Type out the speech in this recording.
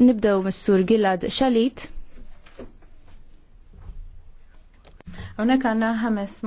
Nibdew mis-sur Gilad Shalit. Unek għanna ħames